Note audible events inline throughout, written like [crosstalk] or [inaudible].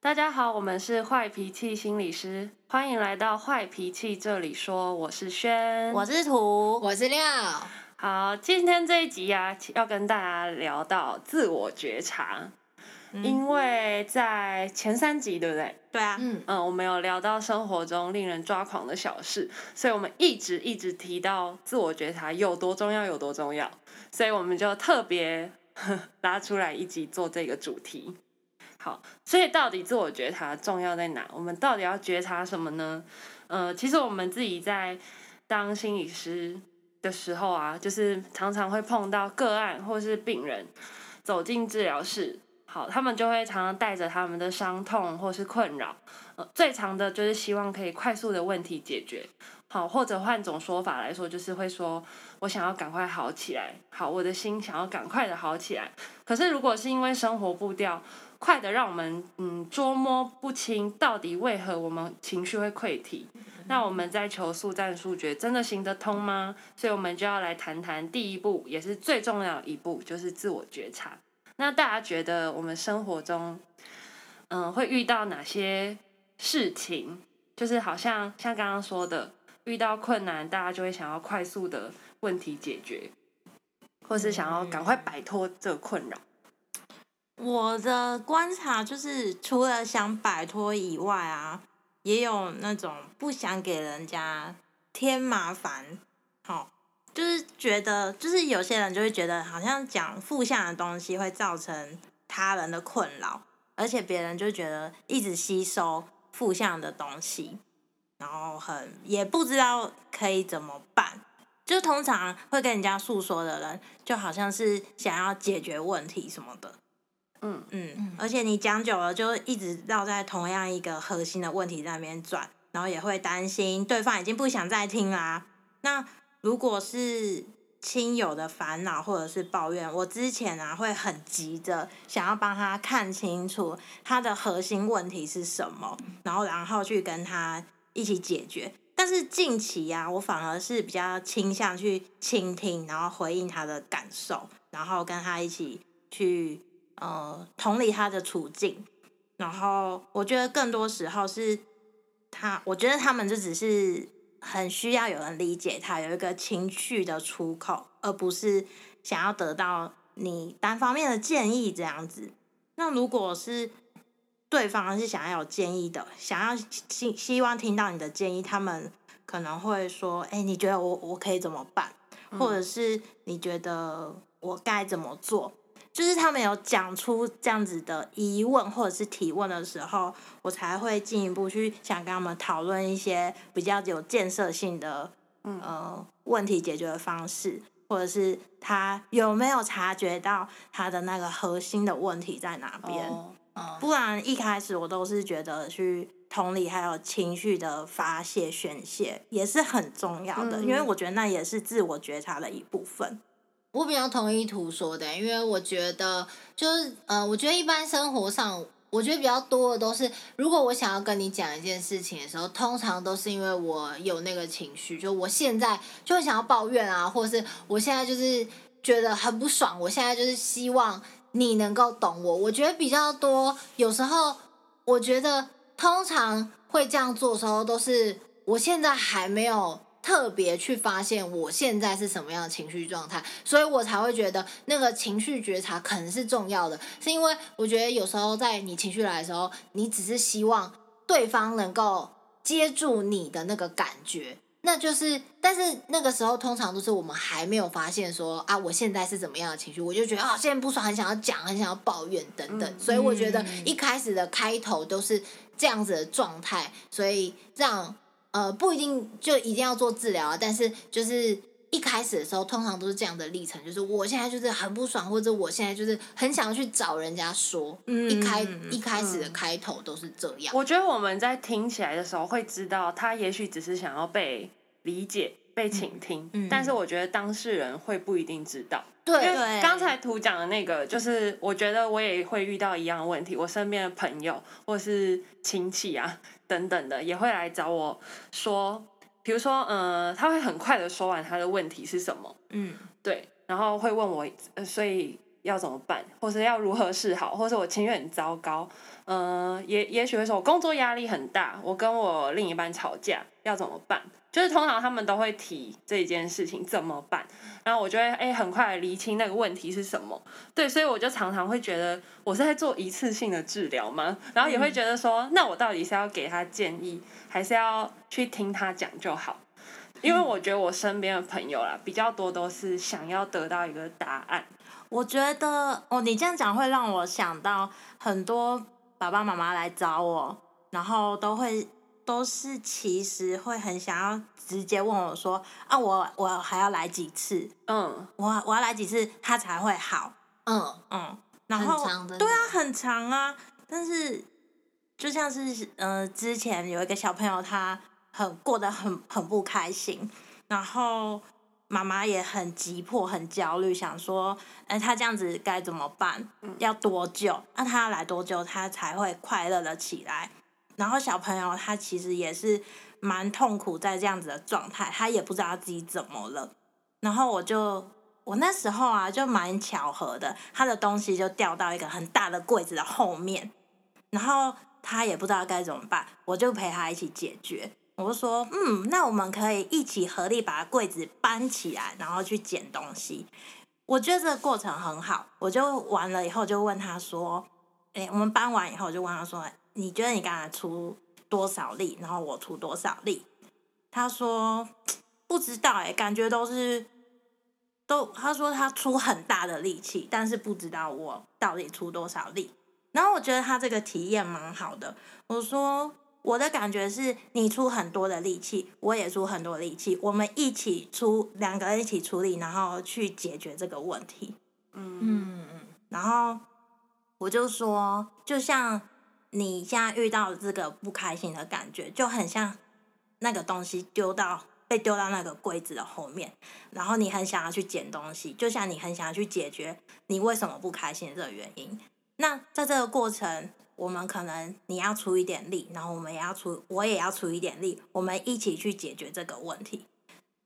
大家好，我們是壞脾氣心理師。歡迎來到壞脾氣這裡說，我是軒，我是圖，我是廖。好，今天這一集啊，要跟大家聊到自我覺察，嗯、因為在前三集，對不對？對啊，嗯嗯、呃，我們有聊到生活中令人抓狂的小事，所以我們一直一直提到自我覺察有多重要，有多重要，所以我們就特別拉出來一集做這個主題。好，所以到底自我覺察重要在哪？我們到底要覺察什麼呢？呃，其實我們自己在當心理師的時候啊，就是常常會碰到個案或是病人走進治療室，好，他們就會常常帶着他們的傷痛或是困擾，呃，最常的就是希望可以快速的問題解決，好，或者換種說法來說，就是會說我想要趕快好起來，好，我的心想要趕快的好起來，可是如果是因為生活步調。快的，讓我們嗯捉摸不清到底為何我們情緒會潰堤，那我們再求速戰速決，真的行得通嗎？所以，我們就要來談談第一步，也是最重要的一步，就是自我覺察。那大家覺得我們生活中，嗯、呃，會遇到哪些事情？就是好像像剛剛說的，遇到困難，大家就會想要快速的問題解決，或是想要趕快擺脫這個困擾。我的觀察就是，除了想擺脫以外啊，也有那種不想給人家添麻煩，好、哦，就是覺得，就是有些人就會覺得，好像講負向的東西會造成他人的困擾，而且別人就覺得一直吸收負向的東西，然後很也不知道可以怎麼辦，就通常會跟人家訴說的人，就好像是想要解決問題什麼的。嗯嗯，而且你講久了就一直繞在同樣一個核心的問題上面轉，然後也會擔心對方已經不想再聽啦、啊。那如果是親友的煩惱或者是抱怨，我之前啊會很急着想要幫他看清楚他的核心問題是什麼，然後然後去跟他一起解決。但是近期啊，我反而是比較傾向去傾聽，然後回應他的感受，然後跟他一起去。呃，同理他的處境，然後我覺得更多時候是他，我覺得他們就只是很需要有人理解他，有一個情緒的出口，而不是想要得到你單方面的建議這樣子。那如果是對方是想要有建議的，想要希希望聽到你的建議，他們可能會說：“哎、欸，你覺得我我可以怎麼辦？或者是你覺得我該怎麼做？”嗯就是他們有講出這樣子的疑問或者是提問的時候，我才會進一步去想跟他們討論一些比較有建設性的，呃，問題解決的方式，或者是他有沒有察覺到他的那個核心的問題在哪邊。不然一開始我都是覺得去同理，還有情緒的發洩宣洩也是很重要的，因為我覺得那也是自我覺察的一部分。我比較同意圖說的，因為我覺得就是，呃，我覺得一般生活上，我覺得比較多的都是，如果我想要跟你講一件事情的時候，通常都是因為我有那個情緒，就我現在就會想要抱怨啊，或者是我現在就是覺得很不爽，我現在就是希望你能夠懂我。我覺得比較多，有時候我覺得通常會這樣做的時候，都是我現在還沒有。特別去發現我現在是什麼樣的情緒狀態，所以我才會覺得那個情緒覺察可能是重要的，是因為我覺得有時候在你情緒來的時候，你只是希望對方能夠接住你的那個感覺，那就是，但是那個時候通常都是我們還沒有發現說啊，我現在是怎麼樣的情緒，我就覺得啊、哦、現在不爽，很想要講，很想要抱怨等等，所以我覺得一開始的開頭都是這樣子的狀態，所以讓。呃，不一定就一定要做治療啊，但是就是一開始的時候，通常都是這樣的歷程，就是我現在就是很不爽，或者我現在就是很想去找人家說，嗯、一開一開始的開頭都是這樣、嗯嗯。我覺得我們在聽起來的時候會知道，他也許只是想要被理解、被傾聽，嗯嗯、但是我覺得當事人會不一定知道。對，剛才圖講的那個，就是我覺得我也會遇到一樣的問題，我身邊的朋友或是親戚啊。等等的也會來找我說，比如說，嗯、呃，他會很快的說完他的問題是什麼，嗯，對，然後會問我、呃，所以要怎麼辦，或者要如何是好，或者我情緒很糟糕。呃，也也許會說，我工作壓力很大，我跟我另一半吵架，要怎麼辦？就是通常他們都會提這件事情怎麼辦，然後我就會哎、欸，很快釐清那個問題是什麼。對，所以我就常常會覺得，我是在做一次性的治療嗎？然後也會覺得說，嗯、那我到底是要給他建議，還是要去聽他講就好？因為我覺得我身邊的朋友啦，比較多都是想要得到一個答案。我覺得哦，你這樣講會讓我想到很多。爸爸媽媽來找我，然後都會都是其實會很想要直接問我說啊，我我還要來幾次？嗯，我我要來幾次，他才會好。嗯嗯，然後對啊，很長啊，但是就像是嗯、呃，之前有一個小朋友，他很過得很很不開心，然後。媽媽也很急迫、很焦慮，想說，哎、欸，他這樣子該怎麼辦？要多久？那、啊、他要來多久，他才會快樂的起來？然後小朋友他其實也是蠻痛苦在這樣子的狀態，他也不知道自己怎麼了。然後我就，我那時候啊，就蠻巧合的，他的東西就掉到一個很大的櫃子的後面，然後他也不知道該怎麼辦，我就陪他一起解決。我就說：嗯，那我們可以一起合力把櫃子搬起來，然後去撿東西。我覺得這個過程很好。我就完了以後，就問他說，哎，我們搬完以後，就問他說，你覺得你剛才出多少力？然後我出多少力？他說：不知道，哎，感覺都是都。他說他出很大的力氣，但是不知道我到底出多少力。然後我覺得他這個體驗蠻好的。我說。我的感覺是，你出很多的力氣，我也出很多力氣，我們一起出兩個人一起出力，然後去解決這個問題。嗯，嗯，然後我就說，就像你現在遇到這個不開心的感覺，就很像那個東西丟到被丟到那個櫃子的後面，然後你很想要去撿東西，就像你很想要去解決你為什麼不開心的原因。那在這個過程。我們可能你要出一點力，然後我們也要出，我也要出一點力，我們一起去解決這個問題。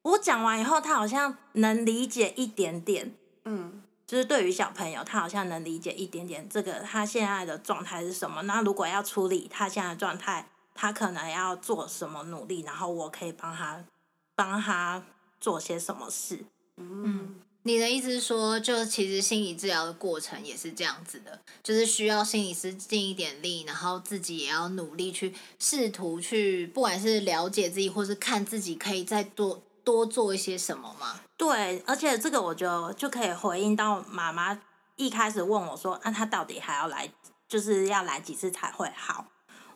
我講完以後，他好像能理解一點點，嗯，就是對於小朋友，他好像能理解一點點這個他現在的狀態是什麼。那如果要處理他現在的狀態，他可能要做什麼努力，然後我可以幫他幫他做些什麼事。你的意思是說，就其實心理治療的過程也是這樣子的，就是需要心理師盡一點力，然後自己也要努力去試圖去，不管是了解自己，或是看自己可以再多多做一些什麼嗎？對，而且這個我覺得就可以回應到媽媽一開始問我說：“那、啊、他到底還要來，就是要來幾次才會好？”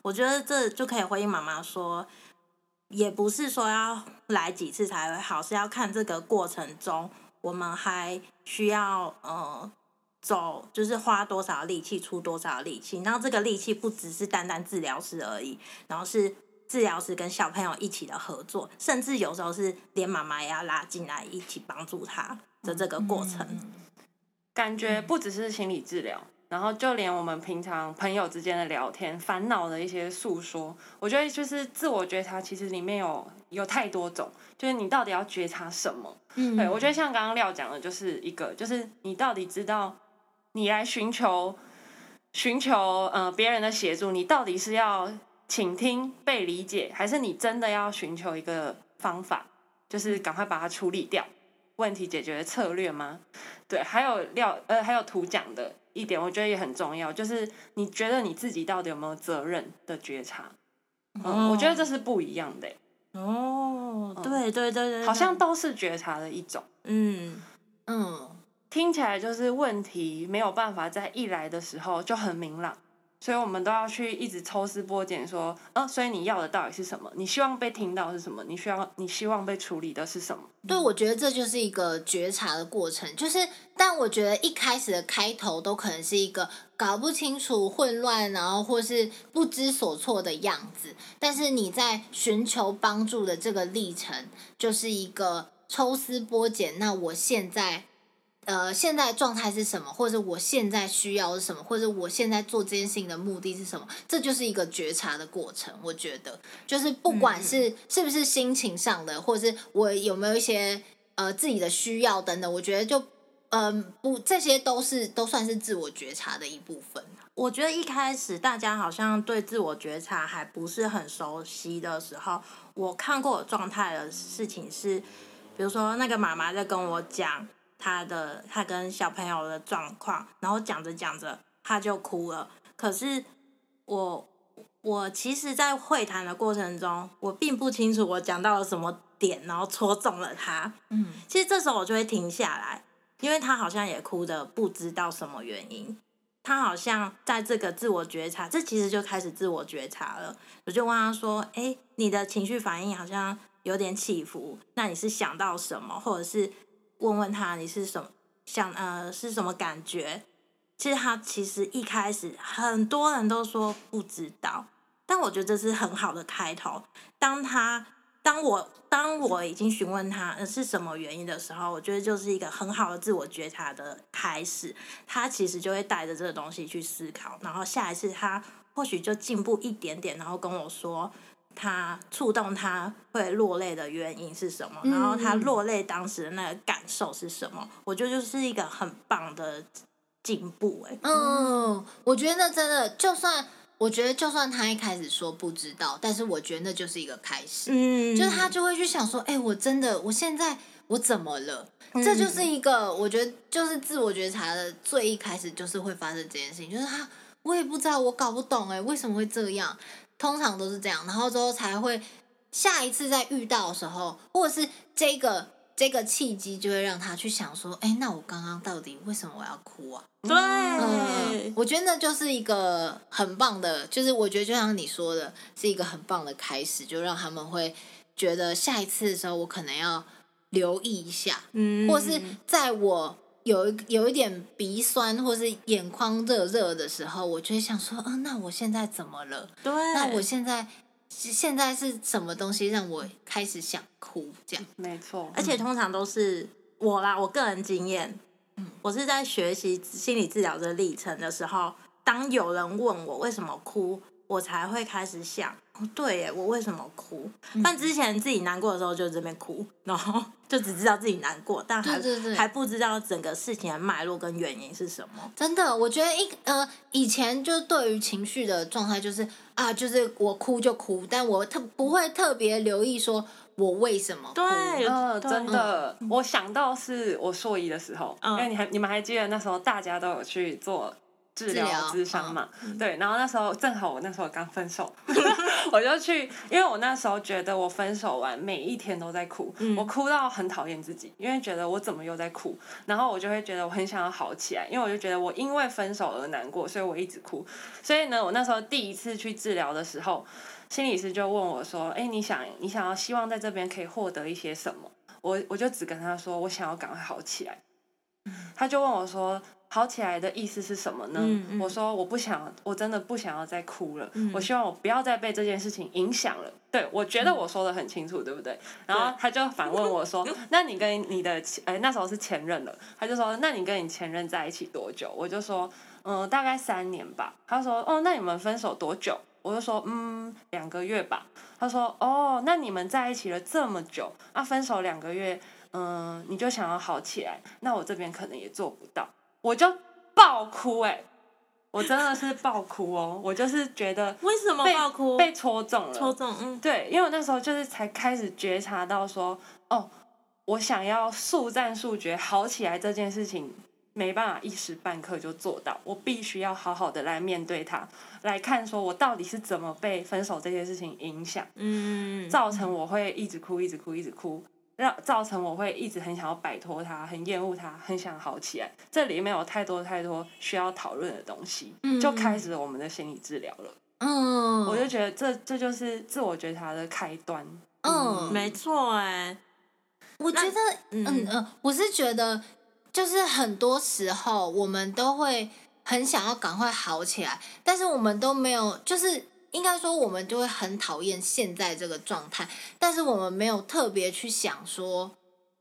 我覺得這就可以回應媽媽說，也不是說要來幾次才會好，是要看這個過程中。我們還需要呃，走就是花多少力氣，出多少的力氣。然後這個力氣不只是單單治療師而已，然後是治療師跟小朋友一起的合作，甚至有時候是連媽媽也要拉進來一起幫助他的這個過程。嗯嗯嗯嗯、感覺不只是心理治療，然後就連我們平常朋友之間的聊天、煩惱的一些訴說，我覺得就是自我覺察，其實裡面有有太多種，就是你到底要覺察什麼？對，我覺得像剛剛廖講的，就是一個，就是你到底知道，你來尋求尋求，呃，別人的協助，你到底是要傾聽、被理解，還是你真的要尋求一個方法，就是趕快把它處理掉，問題解決策略嗎？對，還有廖，呃，還有圖講的一點，我覺得也很重要，就是你覺得你自己到底有沒有責任的覺察。嗯，oh. 我覺得這是不一樣的。哦，對對對對，對，好像都是覺察的一種。嗯嗯，嗯，聽起來就是問題沒有辦法在一來的時候就很明朗。所以，我們都要去一直抽絲剝繭，說，呃、啊，所以你要的到底是什麼？你希望被聽到是什麼？你需要，你希望被處理的是什麼？對，我覺得這就是一個覺察的過程。就是，但我覺得一開始的開頭都可能是一個搞不清楚、混亂，然後或是不知所措的樣子。但是你在尋求幫助的這個歷程，就是一個抽絲剝繭。那我現在。呃，現在狀態是什麼，或者我現在需要是什麼，或者我現在做這件事情的目的是什麼？這就是一個覺察的過程。我覺得，就是不管是是不是心情上的，嗯、或者是我有沒有一些呃自己的需要等等，我覺得就嗯、呃，不，這些都是都算是自我覺察的一部分。我覺得一開始大家好像對自我覺察還不是很熟悉的時候，我看過我狀態的事情是，比如說那個媽媽在跟我講。他的他跟小朋友的狀況，然後講着講着他就哭了。可是我我其實，在會談的過程中，我並不清楚我講到了什麼點，然後戳中了他。嗯，其實這時候我就會停下來，因為他好像也哭得不知道什麼原因。他好像在這個自我覺察，這其實就開始自我覺察了。我就問他說：“哎，你的情緒反應好像有點起伏，那你是想到什麼，或者是？”問問他，你是什麼？想呃，是什麼感覺？其實他其實一開始很多人都說不知道，但我覺得這是很好的開頭。當他當我當我已經詢問他是什麼原因的時候，我覺得就是一個很好的自我覺察的開始。他其實就會帶着這個東西去思考，然後下一次他或許就進步一點點，然後跟我說。他觸動他會落淚的原因是什麼？嗯、然後他落淚當時的那個感受是什麼？我覺得就是一個很棒的進步哎。嗯，oh, 我覺得真的，就算我覺得就算他一開始說不知道，但是我覺得那就是一個開始。嗯，就是他就會去想說，哎、欸，我真的，我現在我怎麼了？嗯、這就是一個我覺得就是自我覺察的最一開始就是會發生這件事情，就是他我也不知道，我搞不懂哎，為什麼會這樣。通常都是這樣，然後之後才會下一次再遇到的時候，或者是這個這個契機，就會讓他去想說，哎，那我剛剛到底為什麼我要哭啊？對，嗯，我覺得那就是一個很棒的，就是我覺得就像你說的，是一個很棒的開始，就讓他們會覺得下一次的時候，我可能要留意一下，嗯，或是在我。有一有一點鼻酸，或是眼眶熱熱的時候，我就會想說，啊、嗯，那我現在怎麼了？對，那我現在現在是什麼東西讓我開始想哭？這樣，沒錯 錯。而且通常都是我啦，我個人經驗，我是在學習心理治療的歷程的時候，當有人問我為什麼哭，我才會開始想。對耶，我為什麼哭？嗯、但之前自己難過的時候就在這邊哭，然後就只知道自己難過，但還對對對還不知道整個事情的脈絡跟原因是什麼。真的，我覺得一呃以前就對於情緒的狀態就是啊，就是我哭就哭，但我特不會特別留意說我為什麼哭。對，呃、對真的，嗯、我想到是我碩一的時候，嗯、因為你還你們還記得那時候大家都有去做治療諮商嘛，療哦、對，然後那時候正好我那時候剛分手， [laughs] 我就去，因為我那時候覺得我分手完每一天都在哭，我哭到很討厭自己，因為覺得我怎麼又在哭，然後我就會覺得我很想要好起來，因為我就覺得我因為分手而難過，所以我一直哭，所以呢，我那時候第一次去治療的時候，心理師就問我說：“哎，你想你想要希望在這邊可以獲得一些什麼？”我我就只跟他說：“我想要趕快好起來。”他就問我說。好起來的意思是什麼呢？嗯嗯，我說我不想，我真的不想要再哭了。嗯嗯，我希望我不要再被這件事情影響了。嗯、對，我覺得我說得很清楚，對不對？然後他就反問我說：“對 [laughs] 那你跟你的前……哎、欸，那時候是前任了。”他就說：“那你跟你前任在一起多久？”我就說：“嗯、呃，大概三年吧。”他說：“哦，那你們分手多久？”我就說：“嗯，兩個月吧。”他說：“哦，那你們在一起了這麼久，那、啊、分手兩個月，嗯、呃，你就想要好起來？那我這邊可能也做不到。”我就爆哭，哎、欸！我真的是爆哭哦！ [laughs] 我就是覺得被，為什麼爆哭？被戳中了？戳中，嗯，對，因為我那時候就是才開始覺察到說，哦，我想要速戰速決好起來這件事情，沒辦法一時半刻就做到，我必須要好好的來面對它，來看說，我到底是怎麼被分手這件事情影響，嗯，造成我會一直哭，一直哭，一直哭。讓造成我會一直很想要擺脫他，很厭惡他，很想好起來。這裡面有太多太多需要討論的東西，嗯、就開始我們的心理治療了。嗯，我就覺得這這就是自我覺察的開端。嗯，嗯沒錯哎、欸，我覺得，那嗯嗯、呃，我是覺得，就是很多時候我們都會很想要趕快好起來，但是我們都沒有，就是。應該說，我們就會很討厭現在這個狀態，但是我們沒有特別去想說，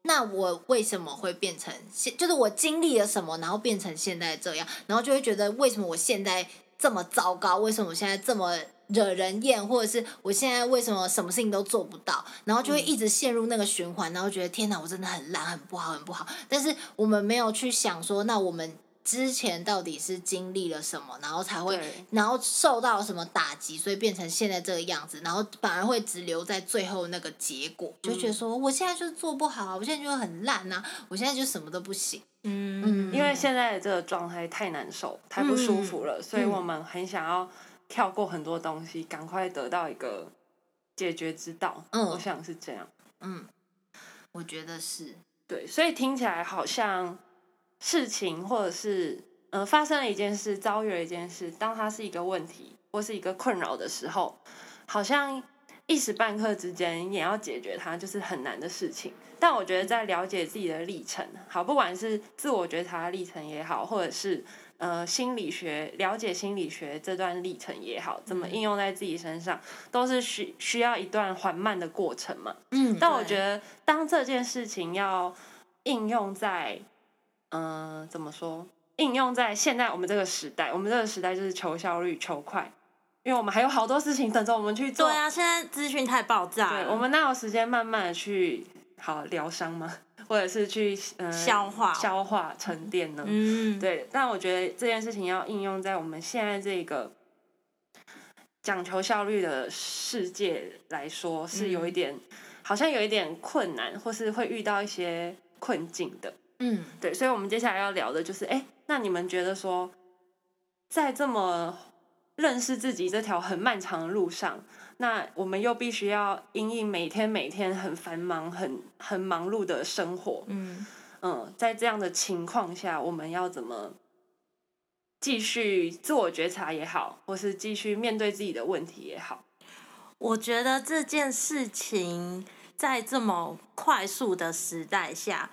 那我為什麼會變成現，就是我經歷了什麼，然後變成現在這樣，然後就會覺得為什麼我現在這麼糟糕，為什麼我現在這麼惹人厭，或者是我現在為什麼什麼事情都做不到，然後就會一直陷入那個循環，然後覺得天哪，我真的很爛，很不好，很不好，但是我們沒有去想說，那我們。之前到底是經歷了什麼，然後才會，對然後受到什麼打擊，所以變成現在這個樣子，然後反而會只留在最後那個結果，嗯、就覺得說我現在就是做不好啊，我現在就很爛啊，我現在就什麼都不行。嗯，嗯，因為現在這個狀態太難受，太不舒服了，嗯、所以我們很想要跳過很多東西，趕、嗯、快得到一個解決之道。嗯，我想是這樣。嗯，我覺得是對，所以聽起來好像。事情，或者是嗯、呃，發生了一件事，遭遇了一件事，當它是一個問題或是一個困擾的時候，好像一時半刻之間也要解決它，就是很難的事情。但我覺得，在了解自己的歷程，好，不管是自我覺察的歷程也好，或者是呃心理學了解心理學這段歷程也好，怎麼應用在自己身上，嗯、都是需需要一段緩慢的過程嘛。嗯，但我覺得，當這件事情要應用在。嗯、呃，怎麼說？應用在現在我們這個時代，我們這個時代就是求效率、求快，因為我們還有好多事情等着我們去做。對啊，現在資訊太爆炸了。對，我們哪有時間慢慢的去好療傷嗎？或者是去、呃、消化、消化、沉澱呢？嗯，對。但我覺得這件事情要應用在我們現在這個講求效率的世界來說，是有一點，嗯、好像有一點困難，或是會遇到一些困境的。嗯，對，所以，我們接下來要聊的就是，哎，那你們覺得說，在這麼認識自己這條很漫長的路上，那我們又必須要因應每天每天很繁忙、很很忙碌的生活。嗯嗯，在這樣的情況下，我們要怎麼繼續自我覺察也好，或是繼續面對自己的問題也好？我覺得這件事情在這麼快速的時代下。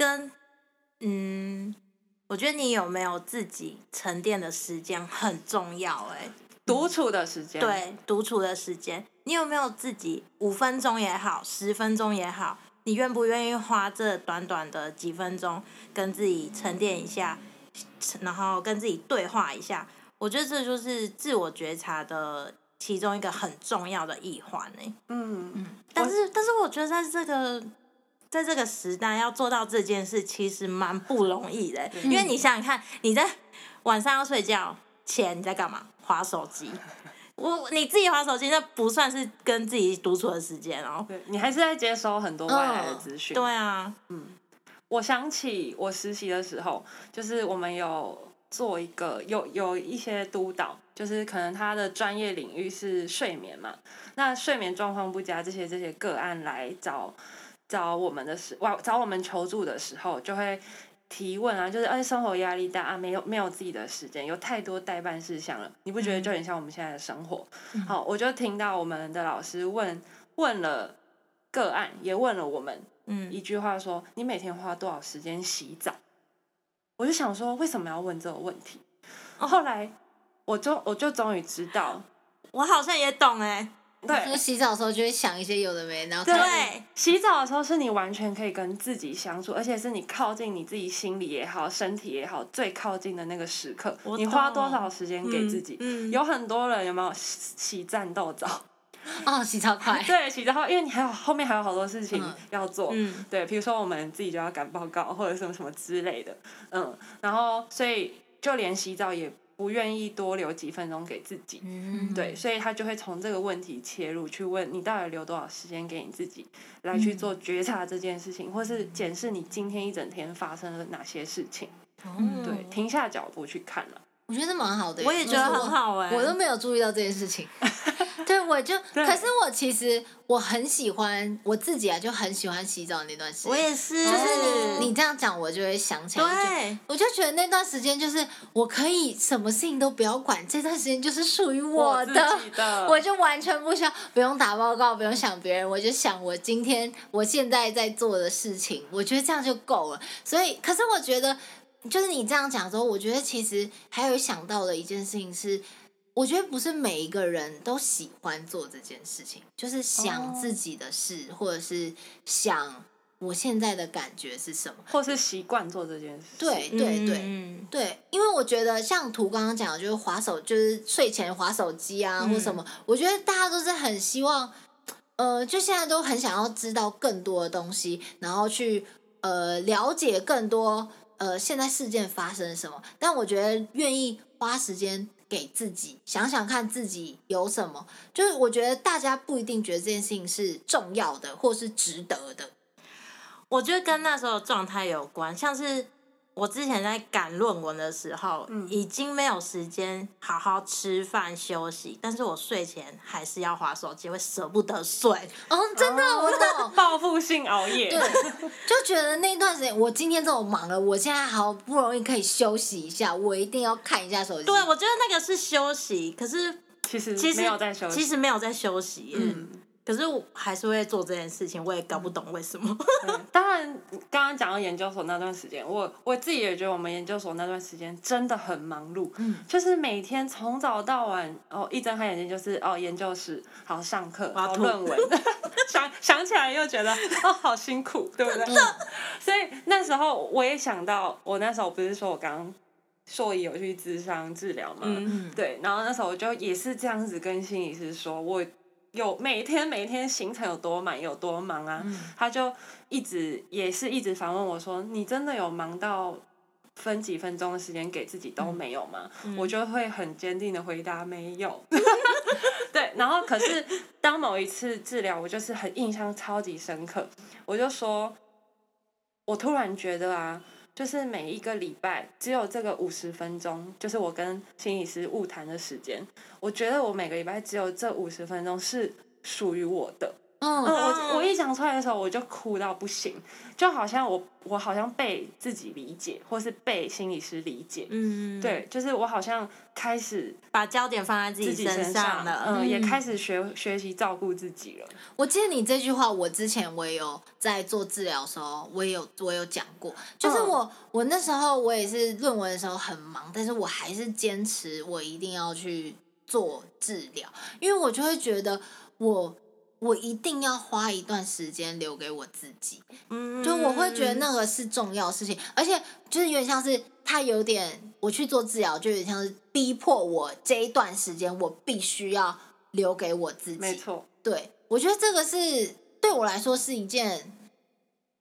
跟嗯，我覺得你有沒有自己沉澱的時間很重要哎、欸，獨處的時間、嗯，對，獨處的時間，你有沒有自己五分鐘也好，十分鐘也好，你願不願意花這短短的幾分鐘跟自己沉澱一下，嗯、然後跟自己對話一下？我覺得這就是自我覺察的其中一個很重要的一環哎、欸嗯，嗯嗯，但是我但是我覺得在這個。在這個時代，要做到這件事其實蠻不容易的，對，因為你想想看，你在晚上要睡覺前你在幹嘛？滑手機，我你自己滑手機，那不算是跟自己獨處的時間哦。對。你還是在接收很多外來的資訊。Oh, 對啊，嗯，我想起我實習的時候，就是我們有做一個有有一些督導，就是可能他的專業領域是睡眠嘛，那睡眠狀況不佳這些這些個案來找。找我們的時，哇！找我們求助的時候就會提問啊，就是而且、啊、生活壓力大啊，沒有沒有自己的時間，有太多待辦事項了，你不覺得就很像我們現在的生活？嗯、好，我就聽到我們的老師問問了個案，也問了我們，嗯，一句話說，你每天花多少時間洗澡？我就想說，為什麼要問這個問題？嗯、後來，我就我就終於知道，我好像也懂哎、欸。對，是是洗澡的時候就會想一些有的沒的。對，洗澡的時候是你完全可以跟自己相處，而且是你靠近你自己心裡也好，身體也好，最靠近的那個時刻。哦、你花多少時間給自己？嗯嗯、有很多人有沒有洗，洗戰鬥澡？哦，洗澡快。 [laughs] 對，洗澡快，因為你還有後面還有好多事情要做。嗯、對，比如說我們自己就要趕報告或者什麼什麼之類的。嗯。然後，所以就連洗澡也。不願意多留幾分鐘給自己，嗯、對，所以他就會從這個問題切入去問你，到底留多少時間給你自己來去做覺察這件事情，嗯、或是檢視你今天一整天發生了哪些事情，嗯、對，停下腳步去看了。我覺得蠻好的，我也覺得很好哎、欸，我都沒有注意到這件事情。 [laughs] 對，我就，可是我其實我很喜歡我自己啊，就很喜歡洗澡那段時間。我也是，就是你、哦、你這樣講，我就會想起來。對我就覺得那段時間就是我可以什麼事情都不要管，這段時間就是屬於我的，我自己的，我就完全不需要，不用打報告，不用想別人，我就想我今天我現在在做的事情，我覺得這樣就夠了。所以，可是我覺得，就是你這樣講之後，我覺得其實還有想到的一件事情是。我覺得不是每一個人都喜歡做這件事情，就是想自己的事，哦、或者是想我現在的感覺是什麼，或是習慣做這件事。對對對，嗯、對因為我覺得像圖剛剛講的，就是滑手，就是睡前滑手機啊，或什麼。嗯、我覺得大家都是很希望，呃，就現在都很想要知道更多的東西，然後去呃了解更多，呃，現在事件發生什麼。但我覺得願意花時間。給自己想想看，自己有什麼？就是我覺得大家不一定覺得這件事情是重要的，或是值得的。我覺得跟那時候狀態有關，像是。我之前在趕論文的時候，嗯、已經沒有時間好好吃飯休息，嗯、但是我睡前還是要滑手機，會捨不得睡。哦，真的，哦、我這種報復性熬夜，對，就覺得那段時間我今天這麼忙了，我現在好不容易可以休息一下，我一定要看一下手機。對，我覺得那個是休息，可是其實其實沒有在休息，其實沒有在休息。嗯。可是我還是會做這件事情，我也搞不懂為什麼。 [laughs] 嗯、當然，剛剛講到研究所那段時間，我我自己也覺得我們研究所那段時間真的很忙碌，嗯，就是每天從早到晚，哦，一睜開眼睛就是哦，研究室，好上課，好論文，兔 [laughs] 想想起來又覺得 [laughs] 哦，好辛苦，對不對？嗯、所以那時候我也想到，我那時候不是說我剛剛碩一有去諮商治療嘛，嗯、對，然後那時候我就也是這樣子跟心理師說我。有每天每天行程有多滿有多忙啊，他就一直也是一直反問我說：“你真的有忙到分幾分鐘的時間給自己都沒有嗎？”我就會很堅定的回答：“沒有。” [laughs] [laughs] 對，然後可是當某一次治療，我就是很印象超級深刻，我就說，我突然覺得啊。就是每一個禮拜只有這個五十分鐘，就是我跟心理師晤談的時間。我覺得我每個禮拜只有這五十分鐘是屬於我的。嗯，嗯，我我一講出來的時候，我就哭到不行，就好像我我好像被自己理解，或是被心理師理解。嗯，對，就是我好像開始把焦點放在自己身上了，嗯，也開始學學習照顧自己了。嗯，我記得你這句話，我之前我也有在做治療的時候，我也有我有講過，就是我我那時候我也是論文的時候很忙，但是我還是堅持我一定要去做治療，因為我就會覺得我。我一定要花一段時間留給我自己，嗯，就我會覺得那個是重要事情，而且就是有點像是他，有點我去做治療，就有點像是逼迫我這一段時間我必須要留給我自己。沒錯。對我覺得這個是對我來說是一件，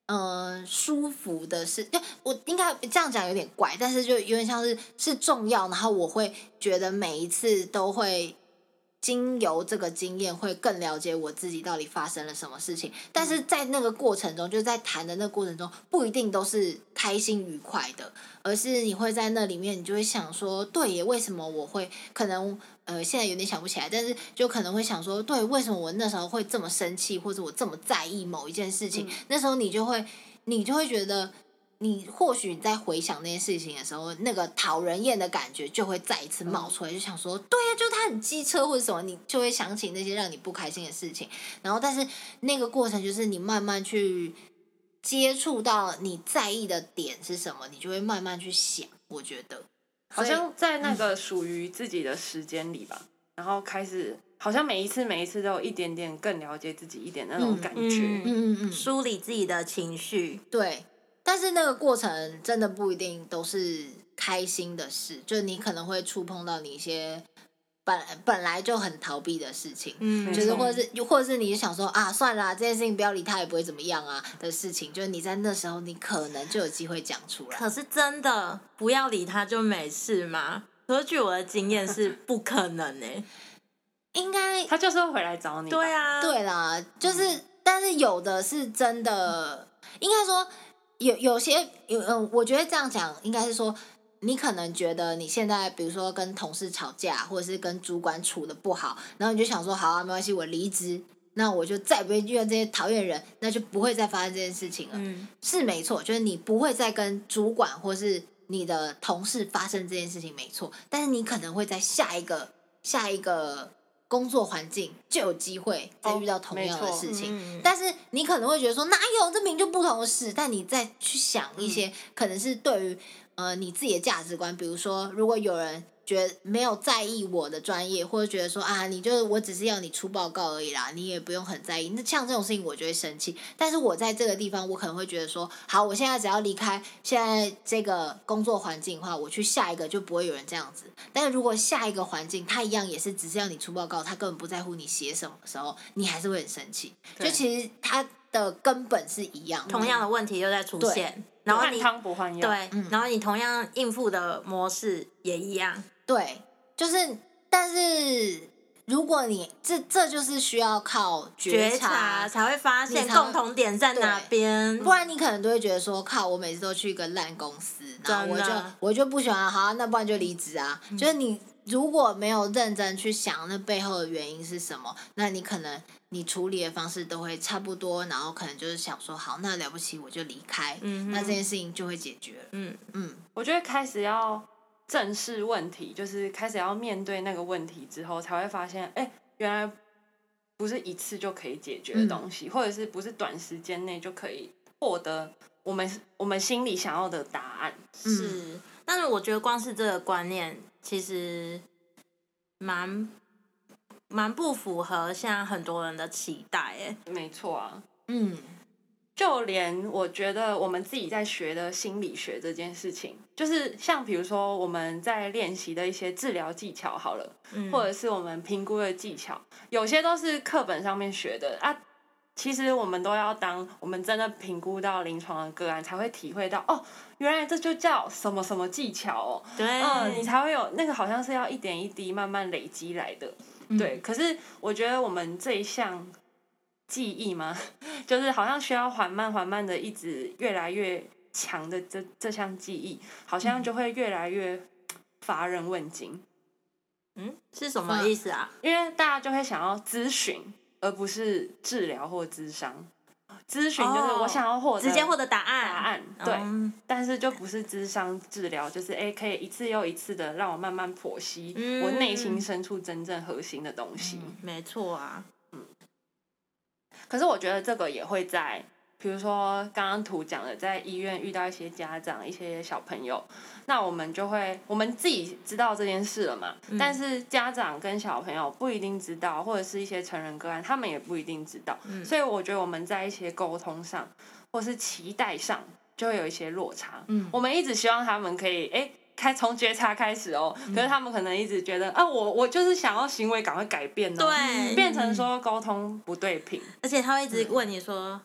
嗯，舒服的事。就我應該這樣講有點怪，但是就有點像是是重要，然後我會覺得每一次都會。經由這個經驗，會更了解我自己到底發生了什麼事情。但是在那個過程中，嗯、就在談的那個過程中，不一定都是開心愉快的，而是你會在那裡面，你就會想說：對耶，為什麼我會？可能呃，現在有點想不起來，但是就可能會想說：對，為什麼我那時候會這麼生氣，或者我這麼在意某一件事情？嗯、那時候你就會，你就會覺得。你或許你在回想那些事情的時候，那個討人厭的感覺就會再一次冒出來，嗯、就想說，對呀、啊，就是他很機車或者什麼，你就會想起那些讓你不開心的事情。然後，但是那個過程就是你慢慢去接觸到你在意的點是什麼，你就會慢慢去想。我覺得好像在那個屬於自己的時間裡吧，嗯、然後開始好像每一次每一次都一點點更了解自己一點那種感覺，嗯，嗯，嗯，嗯，梳理自己的情緒，對。但是那個過程真的不一定都是開心的事，就你可能會觸碰到你一些本來本來就很逃避的事情，嗯、就是或者是沒錯或者是你想說啊，算了，這件事情不要理他也不會怎麼樣啊的事情，就是你在那時候你可能就有機會講出來。可是真的不要理他就沒事嗎？可是據我的經驗是不可能的、欸。 [laughs] 應該該他就是會回來找你。對啊，對啦，就是、嗯、但是有的是真的應該說。有有些有嗯，我覺得這樣講應該是說，你可能覺得你現在，比如說跟同事吵架，或者是跟主管處的不好，然後你就想說，好啊，沒關係，我離職，那我就再不會遇到這些討厭人，那就不會再發生這件事情了。嗯，是沒錯，就是你不會再跟主管或是你的同事發生這件事情，沒錯。但是你可能會在下一個下一個。工作環境就有機會再遇到同樣的事情，哦、但是你可能會覺得說、嗯、哪有這明明就不同的事，但你再去想一些、嗯、可能是對於呃你自己的價值觀，比如說如果有人。覺得沒有在意我的專業，或者覺得說啊，你就我只是要你出報告而已啦，你也不用很在意。那像這種事情，我就會生氣。但是我在這個地方，我可能會覺得說，好，我現在只要離開現在這個工作環境的話，我去下一個就不會有人這樣子。但是如果下一個環境，他一樣也是只是要你出報告，他根本不在乎你寫什麼的時候，你還是會很生氣。對就其實他的根本是一樣的，同樣的問題又在出現，對然後你不康不對，然後你同樣應付的模式也一樣。對，就是，但是如果你這這就是需要靠覺察，覺察才會發現共同點在哪邊，嗯、不然你可能都會覺得說，靠，我每次都去一個爛公司，然後我就真的我就不喜歡，好、啊，那不然就離職啊。嗯、就是你如果沒有認真去想那背後的原因是什麼，那你可能你處理的方式都會差不多，然後可能就是想說，好，那了不起我就離開，嗯、哼那這件事情就會解決嗯嗯，嗯我覺得開始要。正視問題，就是開始要面對那個問題之後，才會發現，哎、欸，原來不是一次就可以解決的東西，嗯、或者是不是短時間內就可以獲得我們我們心裡想要的答案是，是。但是我覺得光是這個觀念，其實蠻蠻不符合現在很多人的期待，哎，沒錯啊，嗯。就連我覺得我們自己在學的心理學這件事情，就是像比如說我們在練習的一些治療技巧，好了，嗯，或者是我們評估的技巧，有些都是課本上面學的啊。其實我們都要當我們真的評估到臨床的個案，才會體會到哦，原來這就叫什麼什麼技巧哦。對，嗯，你才會有那個好像是要一點一滴慢慢累積來的。對，嗯，可是我覺得我們這一項記憶嗎？就是好像需要緩慢緩慢的一直越來越強的這這項技藝，好像就會越來越乏人問津。嗯，是什麼意思啊？因為大家就會想要諮詢，而不是治療或諮商。諮詢就是我想要獲得直接獲得答案，哦、答案對。嗯、但是就不是諮商治療，就是 a、欸、可以一次又一次的讓我慢慢剖析我內心深處真正核心的東西。嗯嗯、沒錯啊。可是我覺得這個也會在，比如說剛剛圖講的，在醫院遇到一些家長、一些小朋友，那我們就會，我們自己知道這件事了嘛。嗯、但是家長跟小朋友不一定知道，或者是一些成人個案，他們也不一定知道。嗯、所以我覺得我們在一些溝通上，或是期待上，就會有一些落差。嗯、我們一直希望他們可以哎。欸開從覺察開始哦，可是他們可能一直覺得，啊，我我就是想要行為趕快改變哦，對、嗯，變成說溝通不對頻，而且他會一直問你說，嗯、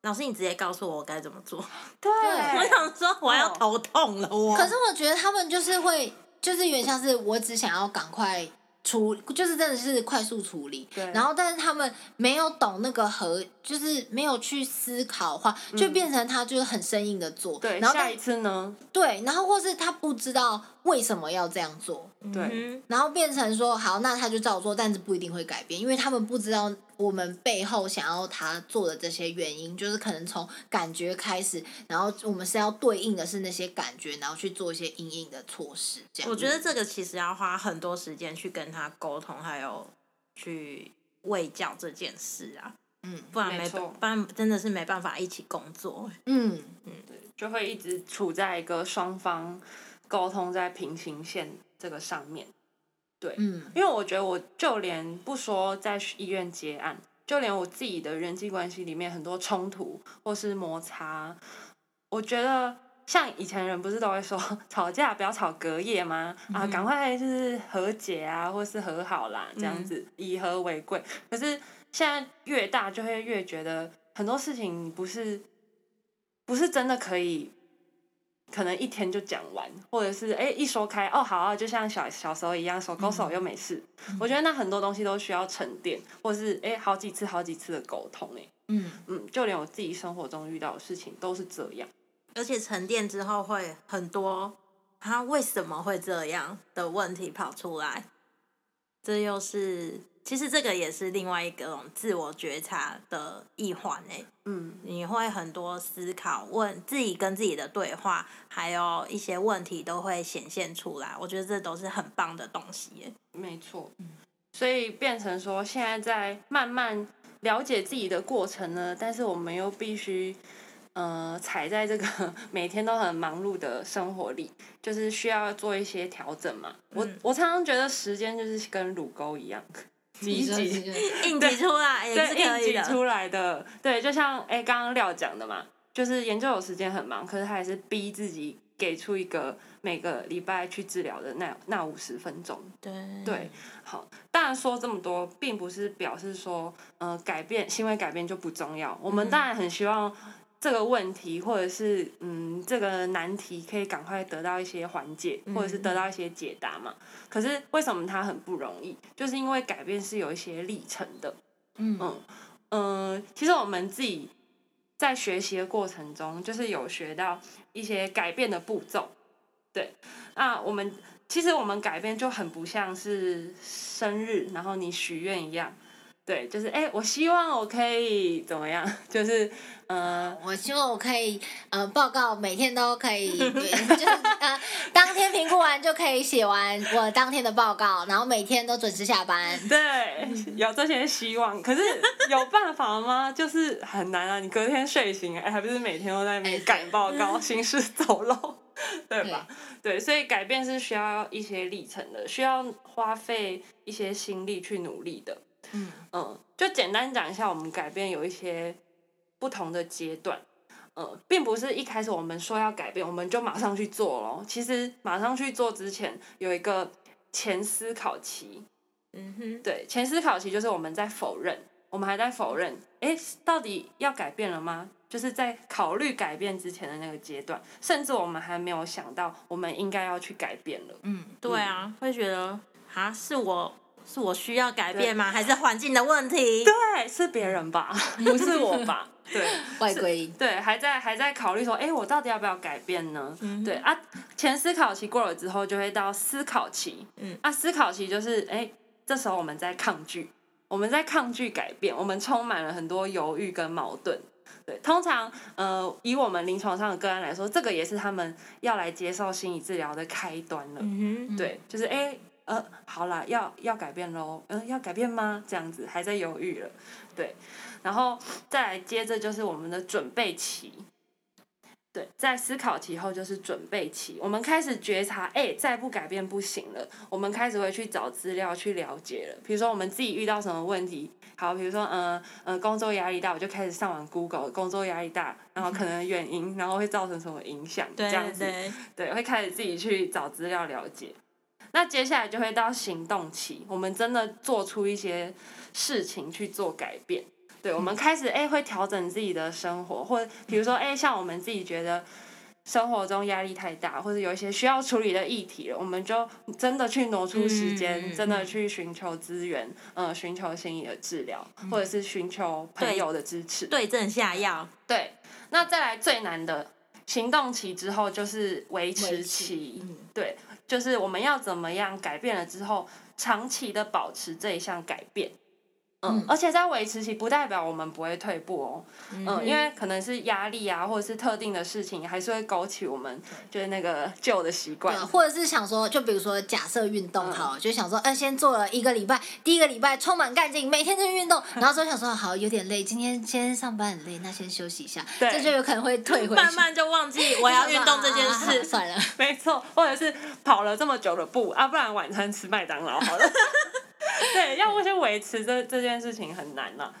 老師你直接告訴我，我該怎麼做，對，對我想說我要頭痛了，哦、我，可是我覺得他們就是會，就是有點像是我只想要趕快。處就是真的，是快速處理，對然後但是他們沒有懂那個和，就是沒有去思考話，嗯、就變成他就是很生硬的做。對，然後下一次呢？對，然後或是他不知道。為什麼要這樣做？對，然後變成說好，那他就照做，但是不一定會改變，因為他們不知道我們背後想要他做的這些原因，就是可能從感覺開始，然後我們是要對應的是那些感覺，然後去做一些因應的措施。這樣，我覺得這個其實要花很多時間去跟他溝通，還有去衛教這件事啊，嗯，不然沒，沒錯，不然真的是沒辦法一起工作。嗯嗯，對，嗯，就會一直處在一個雙方。溝通在平行線這個上面，對，嗯，因為我覺得我就連不說在醫院接案，就連我自己的人際關係裡面很多衝突或是摩擦，我覺得像以前人不是都會說吵架不要吵隔夜嗎？嗯，啊，趕快就是和解啊，或是和好啦，這樣子，以和為貴。嗯，可是現在越大就會越覺得很多事情不是，不是真的可以。可能一天就講完，或者是哎、欸、一說開哦好、啊，就像小小時候一樣手勾手又沒事。嗯、我覺得那很多東西都需要沉澱，或是哎、欸、好幾次好幾次的溝通哎、欸。嗯嗯，就連我自己生活中遇到的事情都是這樣，而且沉澱之後會很多，他為什麼會這樣的問題跑出來，這又是。其實這個也是另外一個自我覺察的一環，嗯，你會很多思考，問自己跟自己的對話，還有一些問題都會顯現出來。我覺得這都是很棒的東西。沒錯，所以變成說現在在慢慢了解自己的過程呢，但是我們又必須，呃，踩在這個每天都很忙碌的生活裡，就是需要做一些調整嘛。我，嗯，我常常覺得時間就是跟乳溝一樣。擠擠，硬擠出來也是硬擠出來的，對，就像剛剛、欸、廖講的嘛，就是研究有時間很忙，可是他還是逼自己給出一個每個禮拜去治療的那那五十分鐘。對，對，好，當然說這麼多，並不是表示說、呃，改變，行為改變就不重要。我們當然很希望。嗯這個問題，或者是嗯，這個難題，可以趕快得到一些緩解，或者是得到一些解答嘛。嗯、可是為什麼它很不容易？就是因為改變是有一些歷程的。嗯嗯嗯、呃，其實我們自己在學習的過程中，就是有學到一些改變的步驟。對，那、啊、我們其實我們改變就很不像是生日，然後你許願一樣。對，就是哎、欸，我希望我可以怎麼樣？就是嗯、呃、我希望我可以呃，報告每天都可以， [laughs] 對就是、呃、當天評估完就可以寫完我當天的報告，然後每天都準時下班。對，有這些希望，可是有辦法嗎？ [laughs] 就是很難啊！你隔天睡醒，哎、欸，還不是每天都在那邊趕報告，行屍、欸、走肉，對吧？對，對，所以改變是需要一些歷程的，需要花費一些心力去努力的。嗯，嗯就簡單講一下，我們改變有一些不同的階段，呃、嗯，並不是一開始我們說要改變，我們就馬上去做咯，其實馬上去做之前，有一個前思考期，嗯哼，對，前思考期就是我們在否認，我們還在否認，哎、欸，到底要改變了嗎？就是在考慮改變之前的那個階段，甚至我們還沒有想到我們應該要去改變了。嗯，嗯對啊，會覺得啊，是我。是我需要改變嗎？對還是環境的問題？對，是別人吧，不是我吧？ [laughs] 對，外歸因。對，還在還在考慮說，哎、欸，我到底要不要改變呢？嗯、對啊，前思考期過了之後，就會到思考期。嗯，啊，思考期就是，哎、欸，這時候我們在抗拒，我們在抗拒改變，我們充滿了很多猶豫跟矛盾。對，通常，呃，以我們臨床上的個案來說，這個也是他們要來接受心理治療的開端了。嗯，嗯對，就是哎。欸呃、嗯，好啦，要要改變嘍。嗯，要改變嗎？這樣子還在猶豫了，對。然後再來接着就是我們的準備期，對，在思考期後就是準備期。我們開始覺察，哎、欸，再不改變不行了。我們開始會去找資料去了解了。比如說我們自己遇到什麼問題，好，比如說嗯嗯，工作壓力大，我就開始上網 Google，工作壓力大，然後可能原因，嗯、然後會造成什麼影響，對這樣子，對，對，我會開始自己去找資料了解。那接下來就會到行動期，我們真的做出一些事情去做改變。對，我們開始哎、欸，會調整自己的生活，或者比如說哎、欸，像我們自己覺得生活中壓力太大，或者有一些需要處理的議題了，我們就真的去挪出時間，嗯、真的去尋求資源，嗯、呃，尋求心理的治療，嗯、或者是尋求朋友的支持，對症下藥。對，那再來最難的行動期之後就是維持期，持嗯、對。就是我們要怎麼樣改變了之後，長期的保持這一項改變。嗯，而且在維持期不代表我們不會退步哦。嗯，嗯，因為可能是壓力啊，或者是特定的事情，還是會勾起我們就是那個舊的習慣。對，或者是想說，就比如說假設運動好了、嗯、就想說，哎、呃，先做了一個禮拜，第一個禮拜充滿乾勁，每天就運動，然後說想說、嗯、好有點累，今天今天上班很累，那先休息一下。對，這就有可能會退回去。慢慢就忘記我要運動這件事，算、啊啊啊啊、了。沒錯，或者是跑了這麼久的步，啊，不然晚餐吃麥當勞好了。 [laughs] [laughs] 對，要不就維持這這件事情很難呢、啊。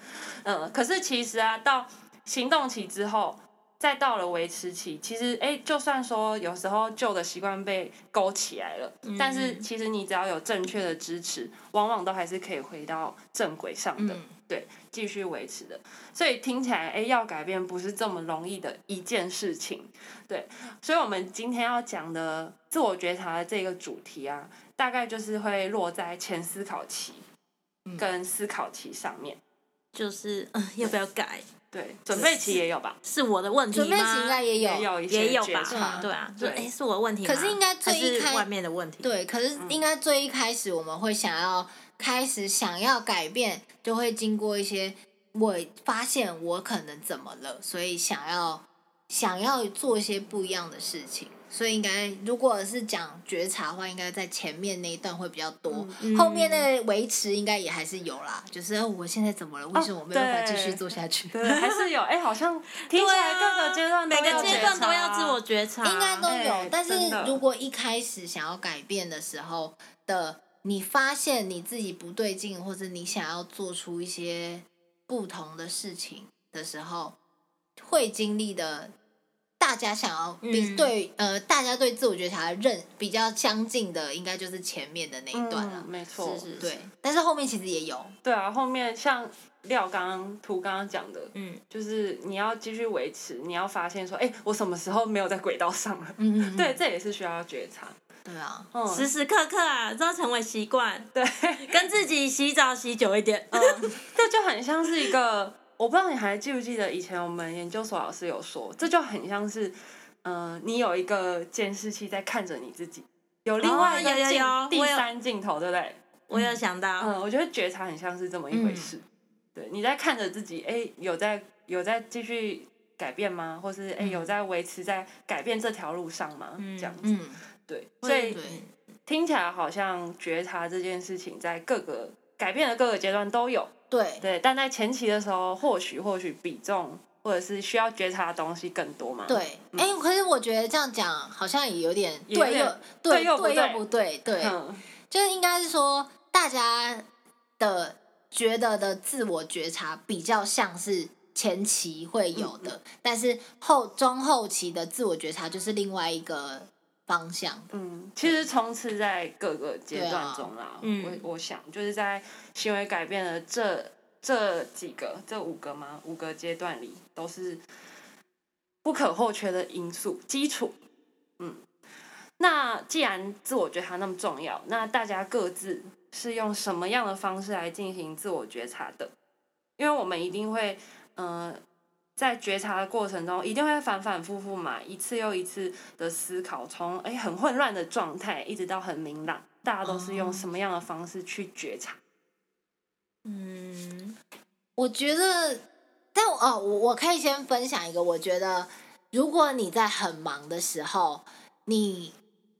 嗯，可是其實啊，到行動期之後，再到了維持期，其實哎、欸，就算說有時候舊的習慣被勾起來了，嗯、但是其實你只要有正確的支持，往往都還是可以回到正軌上的，嗯、對，繼續維持的。所以聽起來，哎、欸，要改變不是這麼容易的一件事情。對，所以我們今天要講的自我覺察的這個主題啊。大概就是會落在前思考期跟思考期上面，嗯、就是嗯、呃、要不要改？對，對準備期也有吧？是我的問題嗎？準備期應該也有，也有，也有吧？嗯、對啊，對，哎、欸、是我的問題。可是應該最一開始還是外面的問題。對，可是應該最一開始我們會想要開始想要改變，就會經過一些，我發現我可能怎麼了，所以想要想要做一些不一樣的事情。所以應，應該如果是講覺察的話，應該在前面那一段會比較多，嗯、後面的維持應該也還是有啦。嗯、就是、啊、我現在怎麼了？為什麼我沒有辦法繼續做下去？哦、 [laughs] 還是有哎、欸，好像聽起來各個階段、啊、每個階段，段都要自我覺察，應該都有。欸、但是的如果一開始想要改變的時候的，你發現你自己不對勁，或者你想要做出一些不同的事情的時候，會經歷的。大家想要比對，呃，大家對自我覺察的認比較相近的，應該就是前面的那一段了。沒錯，對。但是後面其實也有。對啊，後面像廖剛剛、涂剛剛講的，嗯，就是你要繼續維持，你要發現說，哎，我什麼時候沒有在軌道上了？嗯，對，這也是需要覺察。對啊，時時刻刻啊，都要成為習慣。對，跟自己洗澡洗久一點，嗯，這就很像是一個。我不知道你還記不記得以前我們研究所老師有說，這就很像是，嗯、呃，你有一個監視器在看着你自己，有另外一個鏡、哦、有有有第三鏡頭，我有，對不對？我我有想到，嗯，我覺得覺察很像是這麼一回事。嗯、對，你在看着自己，哎，有在有在繼續改變嗎？或是哎、嗯，有在維持在改變這條路上嗎？這樣子，嗯嗯、對，所以對對，聽起來好像覺察這件事情在各個改變的各個階段都有。對對，但在前期的時候，或許或許比重或者是需要覺察的東西更多嘛？對，哎、嗯欸，可是我覺得這樣講好像也有點，也有點對又，對，對，又對，對又不對，對，嗯、就是應該是說大家的覺得的自我覺察比較像是前期會有的，嗯嗯、但是後中後期的自我覺察就是另外一個方向，嗯，其實，衝刺在各個階段中啦。啊、我、嗯、我想，就是在行為改變的這這幾個、這五個嗎？五個階段裡，都是不可或缺的因素、基礎。嗯，那既然自我覺察那麼重要，那大家各自是用什麼樣的方式來進行自我覺察的？因為我們一定會，嗯、呃。在覺察的過程中，一定會反反復復嘛，一次又一次的思考從，從哎，很混亂的狀態，一直到很明朗。大家都是用什麼樣的方式去覺察？嗯，我覺得，但哦，我我可以先分享一個，我覺得，如果你在很忙的時候，你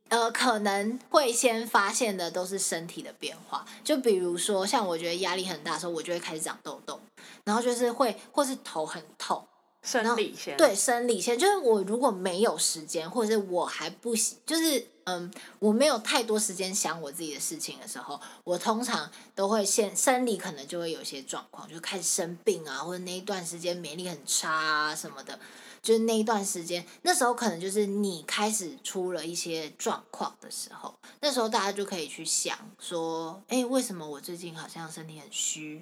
呃可能會先發現的都是身體的變化，就比如說，像我覺得壓力很大的時候，我就會開始長痘痘。然後就是會，或是頭很痛，生理先。對，生理先，就是我如果沒有時間，或者是我還不行，就是嗯，我沒有太多時間想我自己的事情的時候，我通常都會先生理可能就會有一些狀況，就開始生病啊，或者那一段時間免疫力很差啊什麼的，就是那一段時間，那時候可能就是你開始出了一些狀況的時候，那時候大家就可以去想說，哎，為什麼我最近好像身體很虛？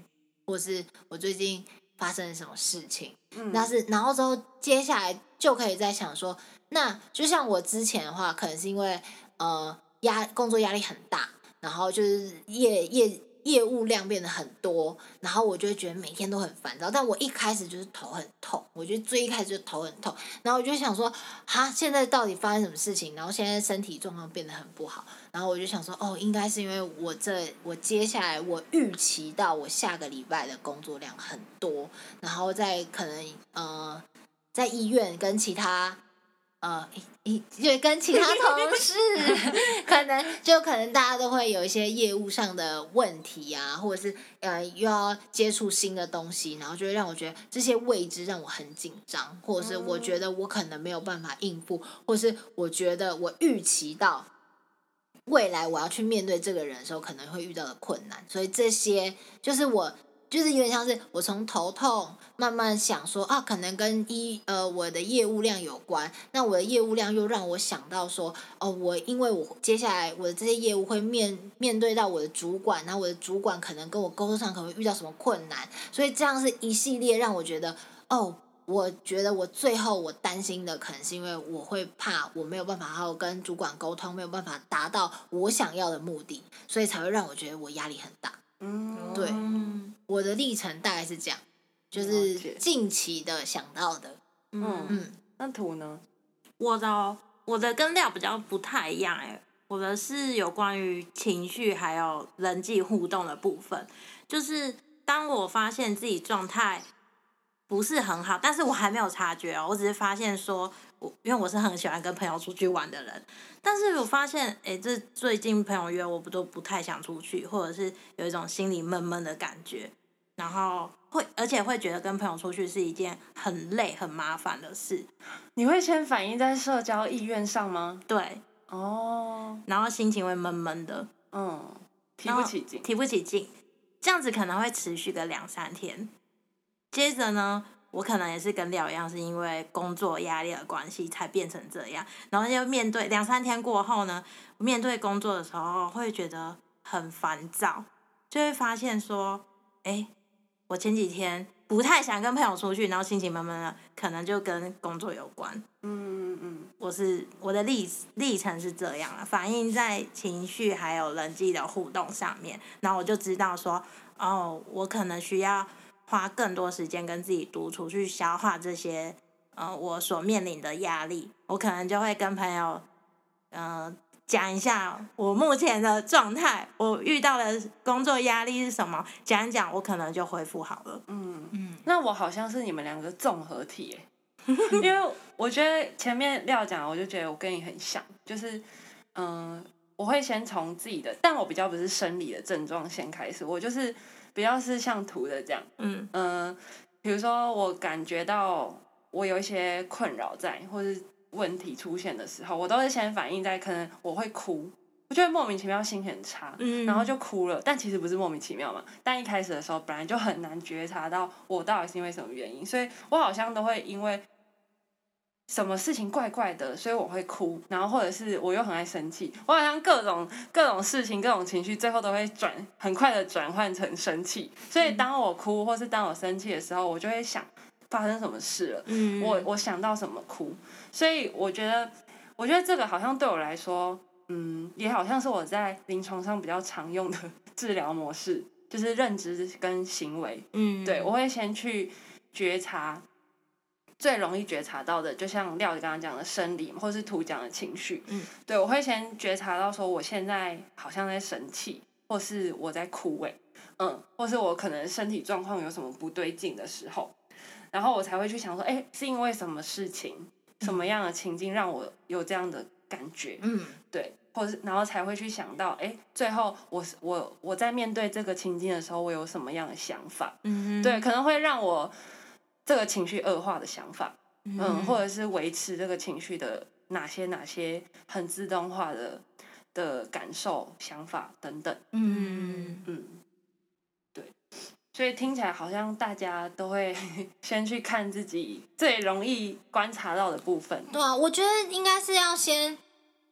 或是我最近發生了什麼事情，嗯、那是，然後之後接下來就可以再想說，那就像我之前的話，可能是因為呃壓工作壓力很大，然後就是夜夜。業務量變得很多，然後我就覺得每天都很煩躁。但我一開始就是頭很痛，我就最一開始就頭很痛，然後我就想說，哈，現在到底發生什麼事情？然後現在身體狀況變得很不好，然後我就想說，哦，應該是因為我這，我接下來我預期到我下個禮拜的工作量很多，然後在可能，呃，在醫院跟其他。呃，因為就跟其他同事， [laughs] 可能就可能大家都會有一些業務上的問題啊，或者是呃又要接觸新的東西，然後就會讓我覺得這些未知讓我很緊張，或者是我覺得我可能沒有辦法應付，或者是我覺得我預期到未來我要去面對這個人的時候，可能會遇到的困難，所以這些就是我。就是有點像是我從頭痛慢慢想說啊，可能跟一，呃我的業務量有關。那我的業務量又讓我想到說，哦，我因為我接下來我的這些業務會面面對到我的主管，然後我的主管可能跟我溝通上可能遇到什麼困難。所以這樣是一系列讓我覺得，哦，我覺得我最後我擔心的可能是因為我會怕我沒有辦法好好跟主管溝通，沒有辦法達到我想要的目的，所以才會讓我覺得我壓力很大。嗯， [noise] 對，我的歷程大概是這樣，就是近期的想到的。嗯 Okay. 嗯，嗯，那圖呢？我的我的跟料比較不太一樣哎、欸，我的是有關於情緒還有人際互動的部分，就是當我發現自己狀態不是很好，但是我還沒有察覺哦、喔，我只是發現說。因為我是很喜歡跟朋友出去玩的人，但是我發現，哎，這最近朋友約我不都不太想出去，或者是有一種心裡悶悶的感覺，然後會，而且會覺得跟朋友出去是一件很累、很麻煩的事。你會先反映在社交意願上嗎？對，哦，然後心情會悶悶的，嗯，然後，提不起勁，提不起勁，這樣子可能會持續個兩三天，接着呢？我可能也是跟廖一樣，是因為工作壓力的關係才變成這樣。然後就面對兩三天過後呢，面對工作的時候會覺得很煩躁，就會發現說，哎、欸，我前幾天不太想跟朋友出去，然後心情悶悶的，可能就跟工作有關。嗯嗯嗯，我是我的歷歷程是這樣啊，反映在情緒還有人際的互動上面，然後我就知道說，哦，我可能需要。花更多時間跟自己獨處去消化這些，呃，我所面臨的壓力，我可能就會跟朋友，呃，講一下我目前的狀態，我遇到的工作壓力是什麼，講一講，我可能就恢復好了。嗯嗯，那我好像是你們兩個綜合體誒 [laughs] 因為我覺得前面廖講，我就覺得我跟你很像，就是，嗯、呃，我會先從自己的，但我比較不是生理的症狀先開始，我就是。不要是像圖的這樣，嗯嗯，呃、比如說我感覺到我有一些困擾在，或是問題出現的時候，我都是先反映在，可能我會哭，我覺得莫名其妙心情很差，嗯，然後就哭了，但其實不是莫名其妙嘛，但一開始的時候本來就很難覺察到我到底是因為什麼原因，所以我好像都會因為。什麼事情怪怪的，所以我會哭，然後或者是我又很愛生氣，我好像各種各種事情，各種情緒，最後都會轉很快的轉換成生氣。所以當我哭，或是當我生氣的時候，我就會想發生什麼事了。嗯，我我想到什麼哭，所以我覺得，我覺得這個好像對我來說，嗯，也好像是我在臨床上比較常用的治療模式，就是認知跟行為。嗯，對，我會先去覺察。最容易覺察到的，就像廖姐剛剛講的生理，或是圖講的情緒，嗯，對，我會先覺察到說，我現在好像在生氣，或是我在枯萎，嗯，或是我可能身體狀況有什麼不對勁的時候，然後我才會去想說，哎，是因為什麼事情，嗯、什麼樣的情境讓我有這樣的感覺，嗯，對，或是然後才會去想到，哎，最後我我我在面對這個情境的時候，我有什麼樣的想法，嗯哼，對，可能會讓我。這個情緒惡化的想法，嗯，嗯，或者是維持這個情緒的哪些哪些很自動化的的感受、想法等等，嗯嗯，對，所以聽起來好像大家都會先去看自己最容易觀察到的部分。對啊，我覺得應該是要先，